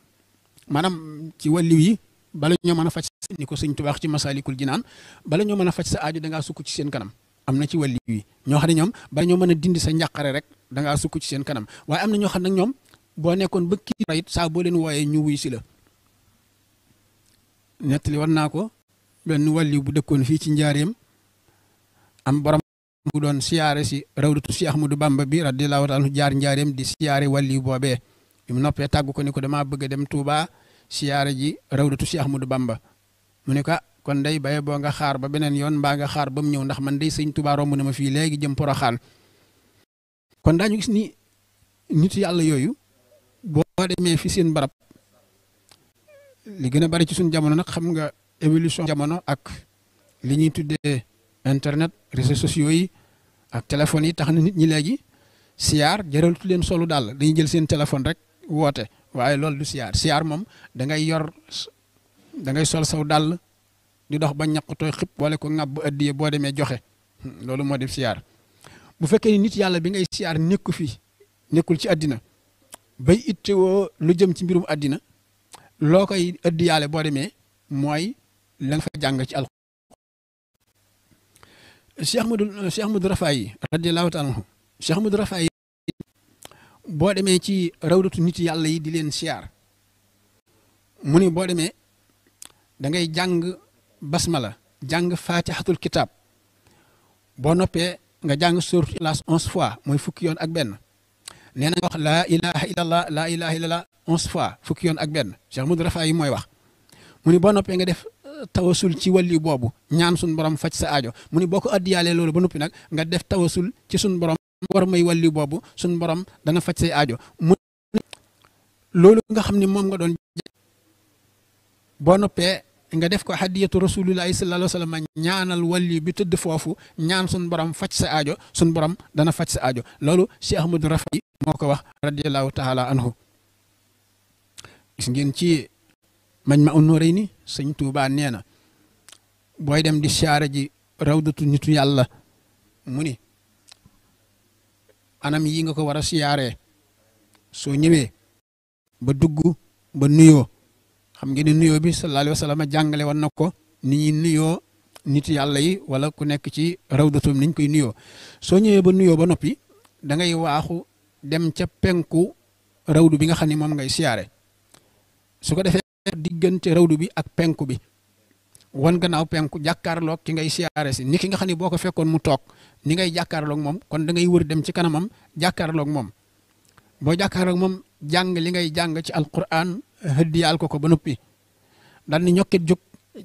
B: maanaam ci wàlliw yi bala ñoo mën a faj ko sëñ tubaax ci masalikul jinaan bala ñoo mën a faj sa aajo da ngaa ci seen kanam am na ci wàlli wi ñoo xam ne ñoom bala ñoo mën a dindi sa njàqare rek da sukku ci seen kanam waaye am na ñoo xam nag ñoom boo nekkoon ba kii it saa boo leen wooyee ñu si la naa ko benn wàlli bu dëkkoon fii ci njaareem am borom bu doon siyaare si rawdatu si Ahmadou Bamba bi radiyallahu taala jaar njaareem di siyaare wàlli boobee bi mu noppee tàggu ko ni ko damaa bëgg a dem Touba siyaare ji rawdatu si Ahmadou Bamba mu ne ka ah, kon day baye boo nga xaar ba beneen yoon mbaa nga xaar ba mu ñëw ndax man day sëñ Tuubaa romb ne ma fii léegi jëm Poroxaan kon daañu gis ni nit yàlla yooyu boo demee fi seen barab li gën a bari ci suñ jamono nag xam nga évolution jamono ak li ñuy tuddee internet réseaux sociaux yi ak téléphones yi tax na nit ñi léegi siyaar jëraltu leen solu daal dañuy jël seen téléphone rek woote waaye loolu du siyaar siyaar moom dangay yor da ngay sol saw dàll di dox ba ñaq tooy xib wala ko ŋàbb addiye boo demee joxe hmm, loolu moo dem siyaar bu fekkee ni nit yàlla bi ngay siyaar nekku fi nekkul ci àddina bay ittewoo lu jëm ci mbirum àddina loo koy ëddi boo demee mooy la fa jàng ci alxuraan Cheikh Ahmadou Cheikh Ahmadou Rafaay radiyallahu taala anhu Cheikh boo demee ci rawdatu nit yàlla yi di leen siyaar mu ni boo demee da ngay jàng basmala jàng faatixatul kitaab boo noppee nga jàng suuratu Ixlaas onze fois mooy fukki yoon ak benn nee na wax laa ilaha illallah laa ilaha illallah onze fois fukki yoon ak benn Cheikh Modou Rafa yi mooy wax mu ni boo noppee nga def euh, tawasul ci wàlli boobu ñaan sun borom faj sa aajo mu ni boo ko addiyaalee ba noppi nag nga def ci sun borom may wàlli boobu suñ borom dana faj say aajo mu loolu nga xam ni moom nga doon boo noppee nga def ko hadiyatu rasulillahi sallallahu ñaanal wàlli bi tëdd foofu ñaan suñ borom faj sa ajo suñ borom dana faj sa ajo loolu Cheikh Ahmadou Rafahi moo ko wax radiallahu taala anhu gis ngeen ci mañ ma unóoréy ni sëñ Tuubaa nee na booy dem di siyaare ji rawdatu nitu yàlla mu ni anam yi nga ko war a siyaaree soo ñëwee ba dugg ba nuyoo xam ngeen ne nuyoo bi sallallahu alayhi wa jàngale woon na ko ni ñuy nuyoo nit yàlla yi wala ku nekk ci rawdatum niñ koy nuyoo soo ñëwee ba nuyoo ba noppi da ngay waaxu dem ca penku rawdu bi nga xam ne moom ngay siyaare su ko defee diggante rawdu bi ak penku bi wan ganaaw penku jàkkaarloog ki ngay siyaare si ni ki nga xam ne boo ko fekkoon mu toog ni ngay jàkkaarloog moom kon da ngay wër dem ci kanamam jàkkaarloog moom boo jàkkaarloog moom jàng li ngay jàng ci alquran hëddiyaal ko ko ba noppi dal ni ñokkit jóg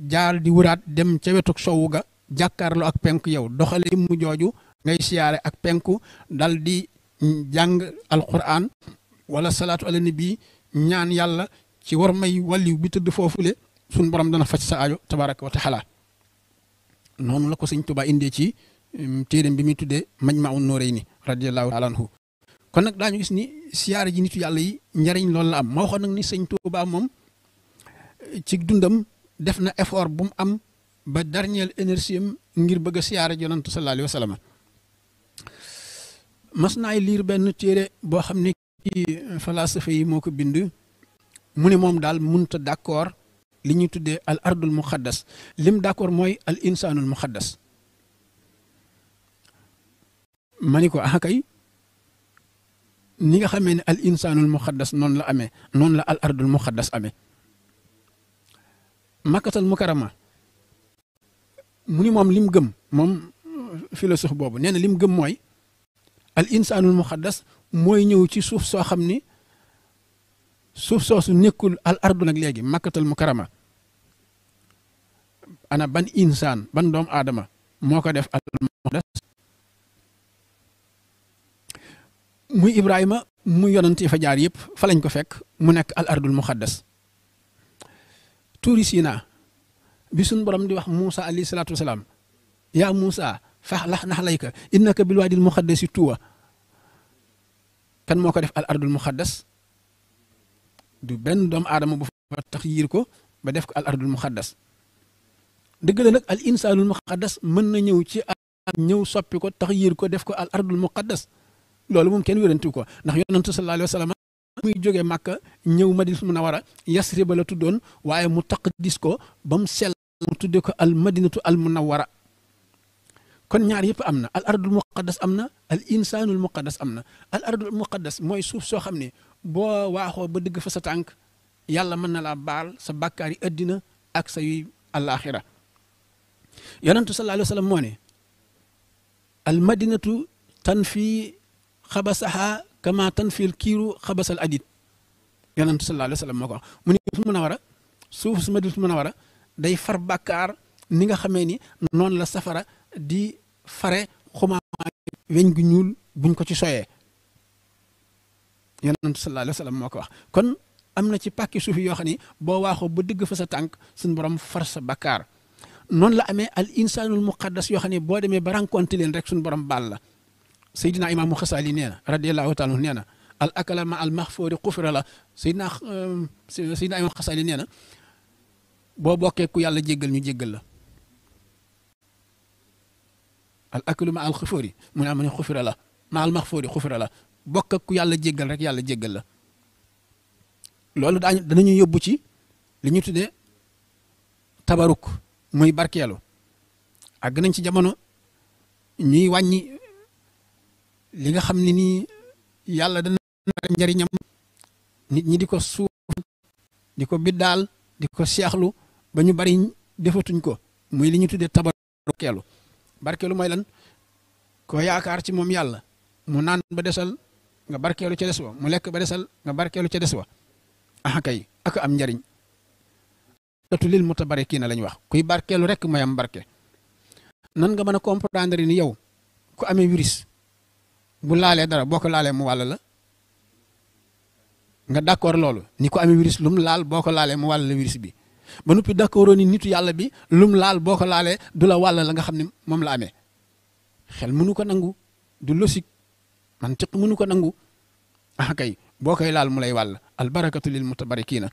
B: jaal di wëraat dem ca wetuk sowu jàkkaarloo ak penku yow doxale mu jooju ngay siyaare ak penku dal di jàng alquran wala salaatu ala nabi ñaan yàlla ci war may wàlliw bi tëdd foofu foofule suñ borom dana faj sa aajo tabaraka wa taala noonu la ko sëñ Tuubaa indee ci mm, téeréem bi muy tuddee Majmahun Nurayni radiyallahu taala anhu kon nag daañu gis ni siyaare ji nitu yàlla yi njariñ loolu la am ma waxoon nag ni sëñ Tuubaa moom ci dundam def na effort bu mu am ba dernière énergie am ngir bëgga a siyaare yonantu sallallahu alayhi wa sallam liir benn téere boo xam ni ci falasafa moo ko bind mu ne moom daal munta d'accord li ñuy tuddee al ardul muxaddas lim d'accord mooy al insaanul muxaddas ma ni ko ah kay ni nga xamee ne al insaanul muxaddas noonu la amee noonu la al ardul muxaddas amee makkatal mukarama mu moom lim gëm moom philosophe boobu nee na lim gëm mooy al insaanul muxaddas mooy ñëw ci suuf soo xam ni suuf soosu nekkul al ardu nag léegi makkatal mukarama ana ban insaan ban doomu aadama moo ko def alal moo des muy Ibrahima mu yonent fa jaar yëpp fa lañ ko fekk mu nekk al ardul muxaddas tuuri Sinaa bi suñ borom di wax Moussa alayhi salaatu wasalaam yaa Moussa faxlax naxlayka innaka bil waadil muxaddasi tuwa kan moo ko def al ardul muxaddas du benn doomu aadama bu fa tax yiir ko ba def ko al ardul muxaddas dëgg la nag al insaanul muqaddas mën na ñëw ci al ñëw soppi ko tax yër ko def ko al ardul muqaddas loolu moom kenn wérantu ko ndax yonantu sallallahu alayhi wa sallam muy jógee màkka ñëw madinatul munawara yasriba la tuddoon waaye mu dis ko ba mu sell mu tudde ko al madinatu al munawara kon ñaar yëpp am na al ardul muqaddas am na al insaanul muqaddas am na al ardul muqaddas mooy suuf soo xam ne boo waaxoo ba dëgg fa sa tànk yàlla mën na laa baal sa bàkkaar addina ak sa yuy yonentu sallallahu alayhi wa sallam moo ne al madinatu tanfi xabasaha kama tanfil kiiru xabasal adit yonentu sallallahu alayhi wa moo ko wax mu ne fu na a war a suuf su madinatu mën a war day far bàkkaar ni nga xamee ni noonu la safara di fare xumaa weñ gu ñuul buñ ko ci soyee yonentu sallallahu alayhi wa sallam moo ko wax kon am na ci pàkki suuf yoo xam ni boo waaxoo ba dëgg fa sa tànk suñ borom far sa bakkaar noonu la amee al insanul muqaddas yoo xam ne boo demee ba rencontre leen rek suñu borom baal la Seydina Imaamu Xasaali nee na radiyallahu taala nee na al akala ma al maxfoori xufira la euh, Seydina Imaamu Xasaali nee na boo bokkee ku yàlla jéggal ñu jéggal la al akalu ma al xufuri la ma al maxfoori xufira ku yàlla jéggal rek yàlla jéggal la loolu daañu danañu yóbbu ci li ñu tuddee tabaruk muy barkeelu àgg nañ ci jamono ñuy wàññi li nga xam ni nii yàlla dana njariñam nit ñi di ko suuf di ko biddaal di ko seexlu ba ñu bari defatuñ ko muy li ñu tuddee tabar barkeelu barkeelu mooy lan ko yaakaar ci moom yàlla mu naan ba desal nga barkeelu ca des wa mu lekk ba desal nga barkeelu ca des wa ah kay ak am njariñ datu lil mutabarikiina lañ wax kuy barkeelu rek mooy am barke nan nga mën a comprendre ni yow ku amee wiris bu laalee dara boo ko laalee mu walla la nga d'accord loolu ni ko amee virus lu laal boo ko laalee mu wàll la virus bi ba noppi d'accord ni nitu yàlla bi lu laal boo ko laalee du la wàll la nga xam ne moom la amee xel mënu ko nangu du losik man tiq mënu ko nangu ah kay boo koy laal mu lay wàll albarakatu kii na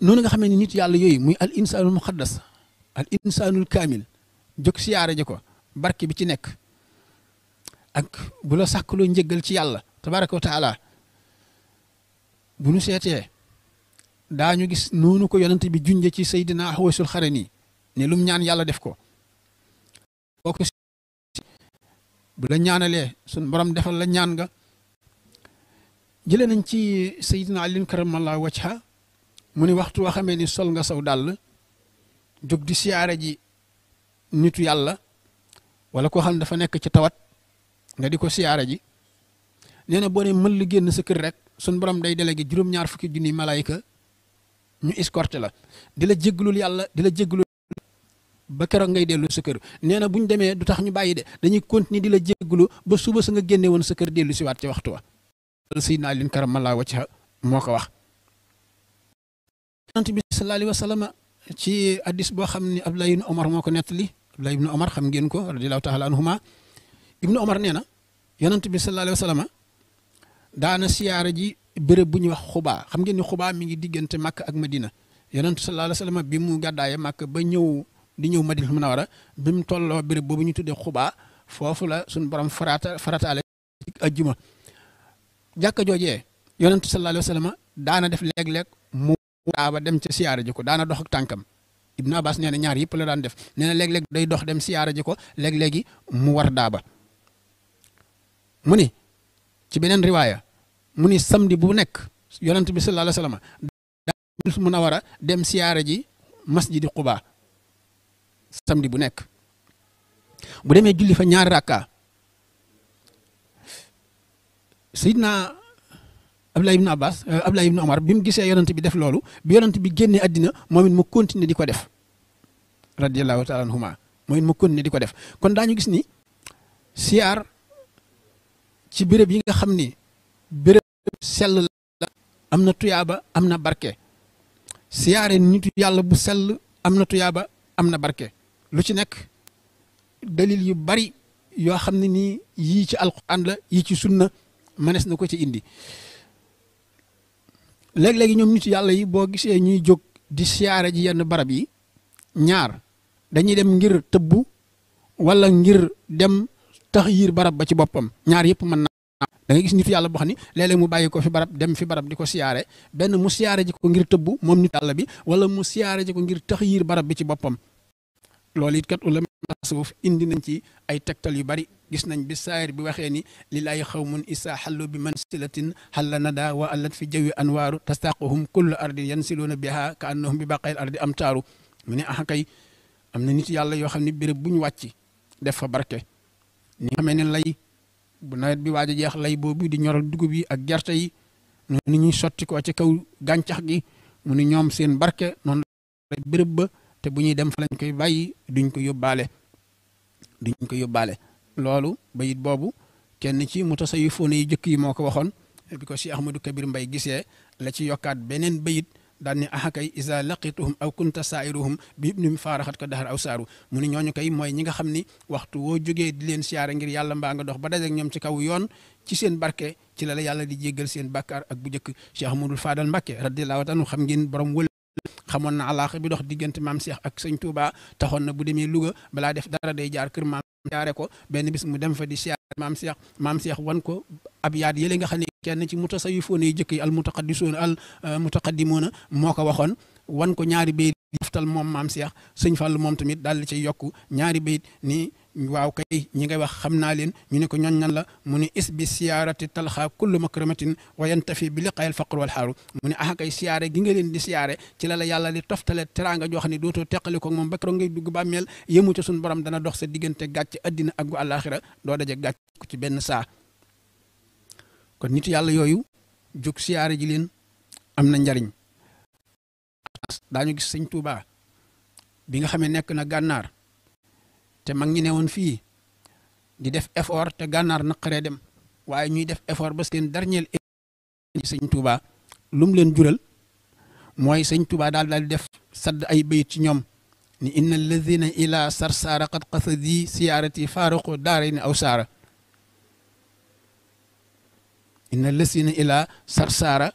B: noonu nga xamee ni nit yàlla yooyu muy al insaanul muqaddas al insaanul kaamil jóg siyaare ji ko barke bi ci nekk ak bu la sàkkaloo njëggal ci yàlla tabaraka wa bu nu seetee daañu gis noonu ko yonent bi junje ci Seydina Xawaysul Xarani ne lum ñaan yàlla def ko boo ñaanalee sun borom defal la ñaan nga jëlee nañ ci Seydina Alin karamallahu wajha mu ni waxtu wa xamee ni sol nga saw dàll jóg di siyaare ji nitu yàlla wala koo xam ne dafa nekk ci tawat nga di ko siyaare ji nee na boo ne mën li génn sa kër rek sun borom day délégué juróom-ñaar fukki junni malayka ñu escorté la di la jéggalul yàlla di la jéggalul ba keroog ngay dellu sa kër nee na bu ñu demee du tax ñu bàyyi de dañuy continuer di la jéggalu ba suba sa nga génne woon sa kër dellu si waat ci waxtu wa. Seydina Alioune Karamallaahu wajhahu moo ko wax. yonent bi sallallahu alayhi wa xam ne Abdullah ibnu Omar moo ko nettali Abdullah ibnu Omar xam ko radiyallahu taala anhuma ibnu Omar nee na yonent bi sallallahu alayhi wa sallam daana siyaara ji béréb bu ñuy wax xubaa xam ngeen ni xubaa mi ngi diggante màkk ak madina yonent sallallahu alayhi wa sallam bi mu gàddaayee màkk ba ñëw di ñëw madina munawara bi mu tolloo béréb boobu ñu tuddee xubaa foofu la suñu borom farata farataale ajjuma jàkka def léeg-léeg mu daaba dem ca siyaara ji ko daana dox ak tànkam Ibn Abbas nee na ñaar yëpp la daan def nee na léeg-léeg day dox dem siyaara ji ko léeg-léegi mu war daaba mu ni ci beneen riwaaya muni ni bu nekk yonent bi sallallahu alayhi wa sallam mun a war a dem siyaara ji masjidi Quba samedi bu nekk bu demee julli fa ñaari rakka sidna Abdoulaye ibn Abbas euh, Abdoulaye ibn Omar bi mu gisee yonent bi def loolu bi yonent bi génnee àddina moom it mu continuer di ko def radiallahu taala anhuma moom it mu continuer di ko def kon daañu gis ni siyaar ci béréb yi nga xam ni béréb sell am na tuyaaba am na barke siyaare nitu yàlla bu sell am na tuyaaba am na barke lu ci nekk dalil yu bari yoo xam ne nii yii ci alquran la yii ci sunna mënees na ko ci indi léeg-léegi ñoom nit yàlla yi boo gisee ñuy jóg di siyaare ji yenn barab yi ñaar dañuy dem ngir tëbbu wala ngir dem tax yiir barab ba ci boppam ñaar yëpp mën na da ngay gis nit yàlla boo xam ni léeg mu bàyyi ko fi barab dem fi barab di ko siyaare benn mu siyaare ji ko ngir tëbbu moom nit yàlla bi wala mu siyaare ji ko ngir tax yiir barab bi ci boppam loolu it kat ulama suuf indi nañ ci ay tegtal yu bari gis nañ bi saayir bi waxee ni xaw xawmun isaa xallu bi man mansilatin xalla nada wa allat fi jawi anwaaru tastaquhum kullu ardi yansiluuna biha ka annahum bi baqayil ardi am taaru mu ne ah kay am na nit yàlla yoo xam ne béréb bu ñu wàcc def fa barke ni nga xamee ne lay bu nawet bi waaj a jeex lay boobu di ñoral dugub yi ak gerte yi noonu ñuy sotti ko ci kaw gàncax gi mu ne ñoom seen barke noonu la ba te bu ñuy dem fa lañ koy bàyyi duñ ko yóbbaale duñ ko yóbbaale loolu bayit boobu kenn ci mutasawifoon yi jëkk yi moo ko waxoon bi ko si Ahmadou Kabir Mbay gisee la ci yokkaat beneen bayit daan ni ne ahakay isa laqituhum aw kunta saairuhum bi ibni mu faaraxat ko daxar aw saaru mu ni ñooñu kay mooy ñi nga xam ni waxtu woo jógee di leen siyaare ngir yàlla mbaa nga dox ba dajeek ñoom ci kaw yoon ci seen barke ci la la yàlla di jéggal seen bàkkaar ak bu njëkk Cheikh Ahmadul Fadal Mbàkke radiyallaahu taala xam ngeen xamoon na alaaxa bi dox diggante maam Cheikh ak sëñ Touba taxoon na bu demee Louga balaa def dara day jaar kër maam jaare ko benn bis mu dem fa di siyaar maam Cheikh maam Cheikh wan ko ab yaat yële nga xam ne kenn ci mutasawwifoon yi jëkk yi al mutaqaddisuun al euh, mutaqaddimoona moo ko waxoon wan ko ñaari bayit diftal moom maam Cheikh sëñ Fall moom tamit daal di cay yokk ñaari bayit ni waaw kay ñi ngay wax xam naa leen ñu ne ko ñoñ nan la mu ne is bi siyaarati talxaa kullu makramatin wa yantafi bi liqaayal faqr wal xaaru mu ne ah siyaare gi nga leen di siyaare ci la la yàlla di toftale teraanga jox xam ne dootoo teqali ko moom ba keroog ngay dugg bàmmeel yëmu ca suñu borom dana dox sa diggante gàcc addina ak gu àllaaxira doo daje gàcc ko ci benn saa kon nit yàlla yooyu jóg siyaare ji leen am na njariñ daa ñu gis sëñ Tuubaa bi nga xamee nekk na gànnaar te mag ñi ne woon fii di def effort te gànnaar naqaree dem waaye ñuy def effort ba seen dernier sëñ Touba lu mu leen jural mooy sëñ Touba daal daal di def sadd ay bayit ci ñoom ni inna alladina ila sarsaara qad qasadi siyaarati faaruqu daarayni aw saara inna alladina ila sarsaara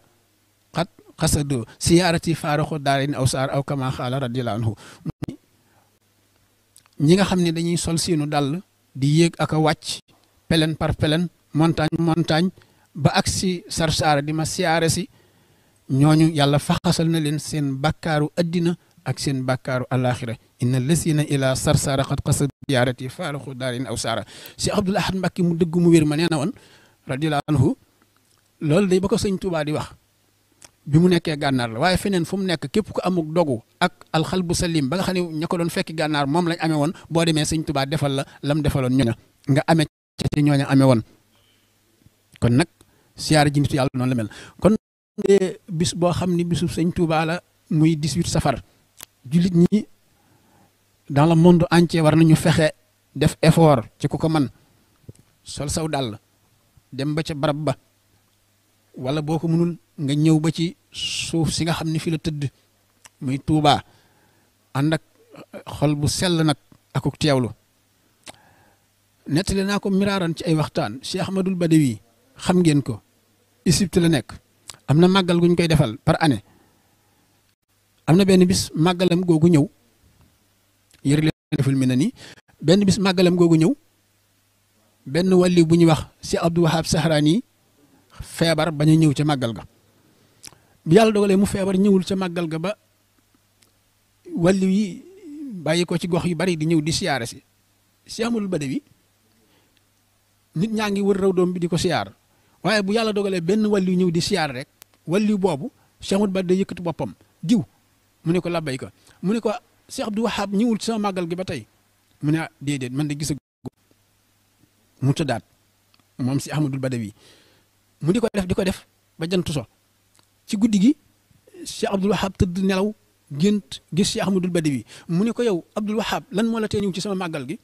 B: qad qasadu siyaarati faaruqu daarayni aw saara aw kama xaala radiallahu anhu ñi nga xam ne dañuy sol seenu dàll di yéeg ak a pelen par pelen montagne montagne ba ak si sarsaara di ma siyaare si ñooñu yàlla faxasal na leen seen bàkkaaru addina ak seen bakkaaru bàkkaaru alaxira inna lasina ila sarsaara xad xasa ziyaarati faaraxu daarin aw saara si Abdul Ahad Mbàkke mu dëgg mu wér ma nee na woon radiallahu anhu loolu day ba ko sëñ Tuubaa di wax bi mu nekkee gànnaar la waaye feneen fu nekk képp ku amuk dogu ak alxal bu salim ba nga xam ne ña ko doon fekki gànnaar moom lañ amee woon boo demee sëñ Tuubaa defal la lam defaloon ñooña nga amee ci ñooña amee woon kon nag siyaar ji nitu yàlla noon la mel kon bis boo xam ne bisu sañ Tuubaa la muy 18 safar jullit ñi dans le monde entier war nañu fexe def effort ci ku ko man sol saw dàll dem ba ca barab ba wala boo ko mënul nga ñëw ba ci suuf si nga xam ne fi la tëdd muy tuuba ànd ak eh, xol bu sell nag akuk teewlu nettali naa ko miraaran ci ay waxtaan Cheikh Ahmadul Badawi xam ngeen ko Égypte la nekk am na màggal guñ koy defal par année am na benn bis màggalam googu ñëw yëri leen deful mi na nii benn bis màggalam googu ñëw benn wàlli bu ñuy wax si Abdou Wahab Sahraani feebar bañu ñëw ci màggal ga bi yàlla dogalee mu feebar ñëwul ca màggal ga ba wàllu yi bàyyi ko ci gox yu bari di ñëw di siyaare si Cheikh Amadou Badawi nit ñaa ngi wër doom bi di ko siyaar waaye bu yàlla dogalee benn wàllu ñëw di siyaar rek wàllu boobu Cheikh Amadou Badawi yëkkati boppam diw mu ne ko labbay ko mu ne ko Cheikh Abdou Wahab ñëwul ci màggal gi ba tey mu ne ah déedéet man de moom si Ahmadul Badawi mu di ko def di ko def ba jant so ci guddi gi Cheikh Abdoul Wahab tëdd nelaw gént gis Cheikh Ahmadul Badawi mu ne ko yow Abdoul Wahab lan moo la tee ñëw ci sama màggal gi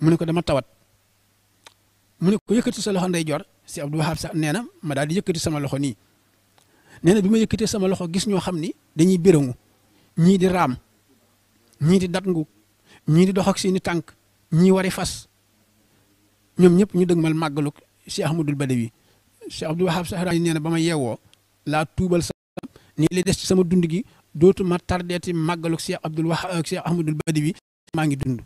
B: mu ne ko dama tawat mu ne ko yëkkati sa loxo ndeyjoor Cheikh Abdoul Wahab sax nee na ma daal di yëkkati sama loxo nii nee na bi ma yëkkatee sama loxo gis ñoo xam ni dañuy béréngu ñii di raam ñii di dat ngu ñii di dox ak seeni tànk ñii wari fas ñoom ñëpp ñu mal dëgmal màggaluk Cheikh Ahmadul Badawi Cheikh Abdou Wahab Sahraani nee na ba ma yeewoo laa tuubal sa ni li des ci sama dund gi dootuma tardeeti màggalu Cheikh Abdou Wahab euh, Cheikh Ahmadul Badawi maa ngi dund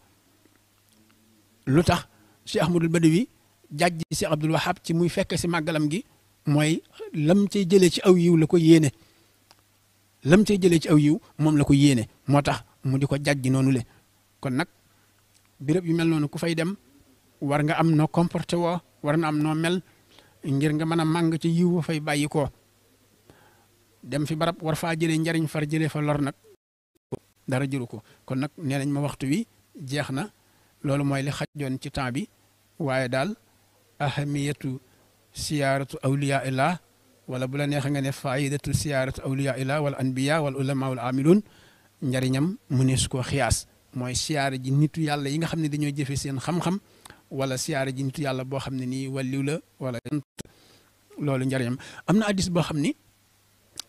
B: lu tax Cheikh Ahmadul Badawi jàjj Cheikh Abdou Wahab ci muy fekk si màggalam gi mooy lam cay jëlee ci aw yiw la ko yéene lam cay jëlee ci aw yiw moom la ko yéene moo tax mu di ko jàjj noonu le kon nag béréb yu mel noonu ku fay dem war nga am noo comporté woo war na am noo mel ngir nga mën a màng ci yiw fay bàyyi ko dem fi barab war faa jëlee njariñ far jëlee fa lor nag dara jëru ko kon nag nee ma waxtu wi jeex na loolu mooy li xajoon ci temps bi waaye daal ahamiyatu siyaaratu awliya illah wala bu la neex nga ne faidatu siyaaratu awliya illah wala anbiya wala ulama wala amilun njariñam mu nees koo xiyaas mooy siyaara ji nitu yàlla yi nga xam ne dañoo jëfe seen xam-xam wala siyaare ji nitu yàlla boo xam ne nii wàlliw la loolu njariñam am na addis boo xam ni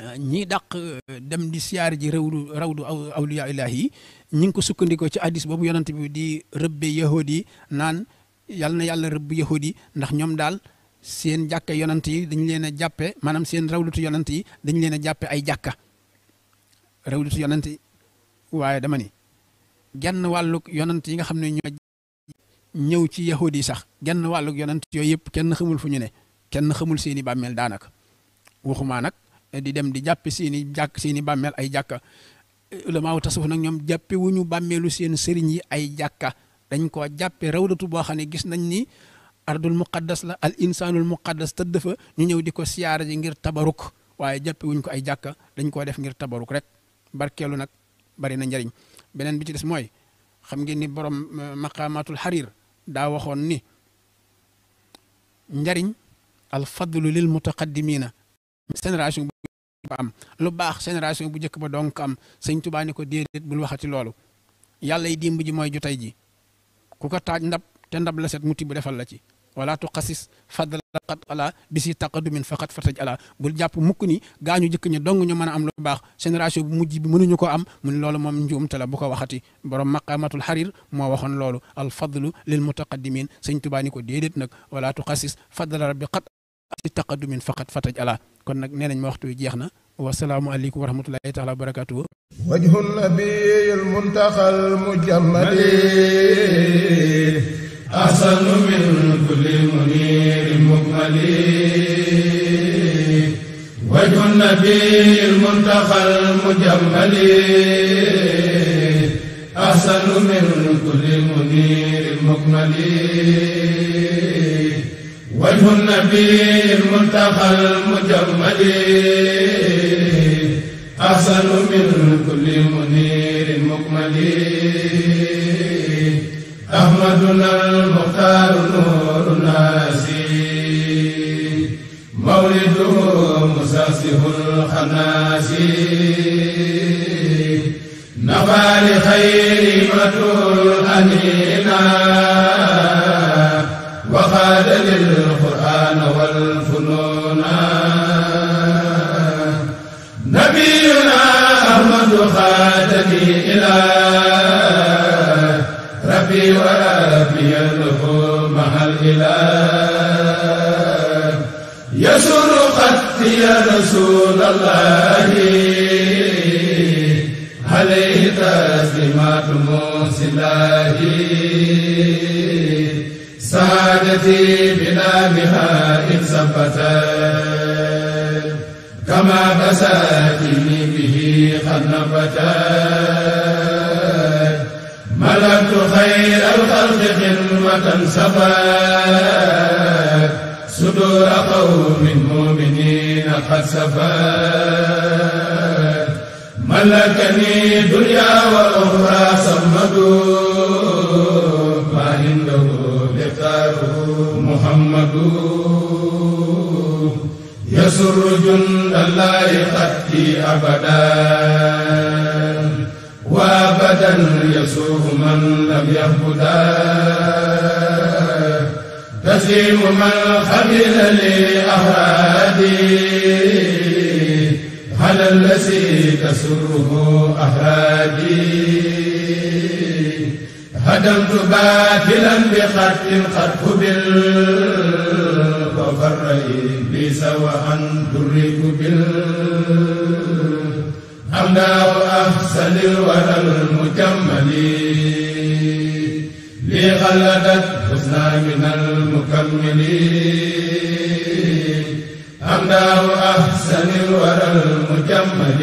B: ah, ñii dàq eh, dem di siyaare ji rawdu rawdu awliya ilaahi yi ñi ngi ko sukkandikoo ci addis boobu yonante bi di rëbbe yahud di naan yàlla na yàlla rëbb yahud di ndax ñoom daal seen jàkka yonant yi dañ leen a jàppe maanaam seen rawlutu yonant yi dañ leen a jàppe ay jàkka rawlutu yonant yi waaye dama genn wàlluk yonant nga xam ne ñoo ñëw ci yahudi sax genn wàllug yonent yooyu yëpp kenn xamul fu ñu ne kenn xamul seeni bàmmeel daanaka waxumaa nag di dem di jàppe seeni jàkk seeni bàmmeel ay jàkka ulamaaw tasawuf nag ñoom jàppe wu ñu bàmmeelu seen sëriñ yi ay jàkka dañ koo jàppe rawdatu boo xam ne gis nañ ni ardul muqaddas la al insaanul muqaddas tëdd fa ñu ñëw di ko siyaara ji ngir tabaruk waaye jàppe wuñ ko ay jàkka dañ koo def ngir tabaruk rek barkeelu nag bari na njariñ beneen bi ci des mooy xam ngeen ni borom eh, maqaamatul xariir daa waxoon ni njariñ al fadlu lil mutaqaddimina génération bu ba am lu baax génération bu njëkk ba donc am sëñ Tuubaa ni ko déedéet bul waxati loolu yàlla yi dimb ji mooy jotay ji ku ko taaj ndab te ndab la set mu tibb defal la ci wala tuxasis fadla qad ala bisi taqadumin faqat fataj ala bul jàpp mukk ni gaañu jëkk ñi dong ñu mën a am lu baax génération bu mujj bi mënuñu ko am mu ne loolu moom njuumte la bu ko waxati borom maqamatul xarir moo waxoon loolu al fadlu lil mutaqaddimin sëñ tubaa ni ko déedéet nag wala tuxasis fadla rabbi qad si taqadumin faqat fataj ala kon nag nee ma waxtu wi jeex na wasalaamu aleykum wa rahmatullahi taala wa barakatuhu wajhu
A: nabiyil muntaxal mujamali أحسن من كل منير مكمل وجه النبي المنتقى المجمل أحسن من كل منير مكمل وجه النبي المنتقى المجمل أحسن من كل منير مكمل أحمدنا المختار نور الناس مولده مسفسف الخناس نفى لخير مدور أنينا وخاد للقرآن والفنون نبينا أحمد خاتم إله ربي وربي له مع الإله يسر قتي يا رسول الله عليه تسليمات موسلاه سعادتي بنامها إن ثبتت كما بساتني به قد نبتت ملكت خير الخلق خلوة سفات صدور قوم مؤمنين قد سفات ملكني دنيا وأخرى صمدوا ما عنده لقاره محمد يسر جند الله قتلي أبدا وابدا يسوف من لم يهبدا تسيم من خبل لي أهادي على الذي تسره أهادي هدمت باطلا بخط قد قبل وفر إبليس وأن ترك بال أمناه أحسن الورى المكمل لي خلدت حسنا من المكمل أمناه أحسن الورى المكمل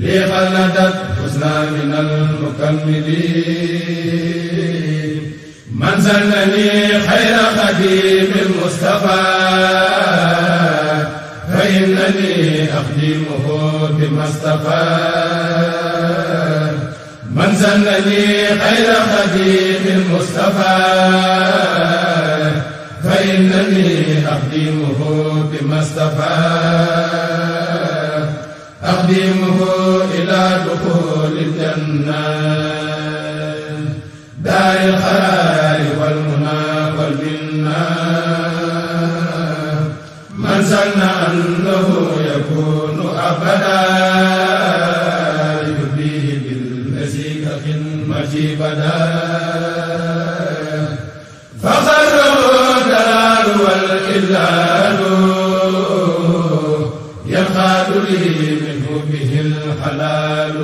A: لي خلدت حسنا من المكمل من سنني خير خديم المصطفى أخدمه بما استفاد من زنني خير خديم المصطفى فإنني أخدمه بما استفى أخدمه إلى دخول الجنة دار الخير والمنى والمنى من سن أنه بدائع به بالذي كخدمتي بدائع فخر الدلال والإلال ينخاد لي منه به الحلال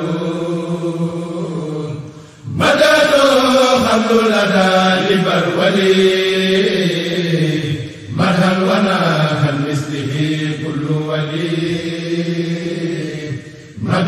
A: مدد خمر الأداء بالولي مدى الونا كمثله كل ولي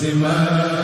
A: مسلما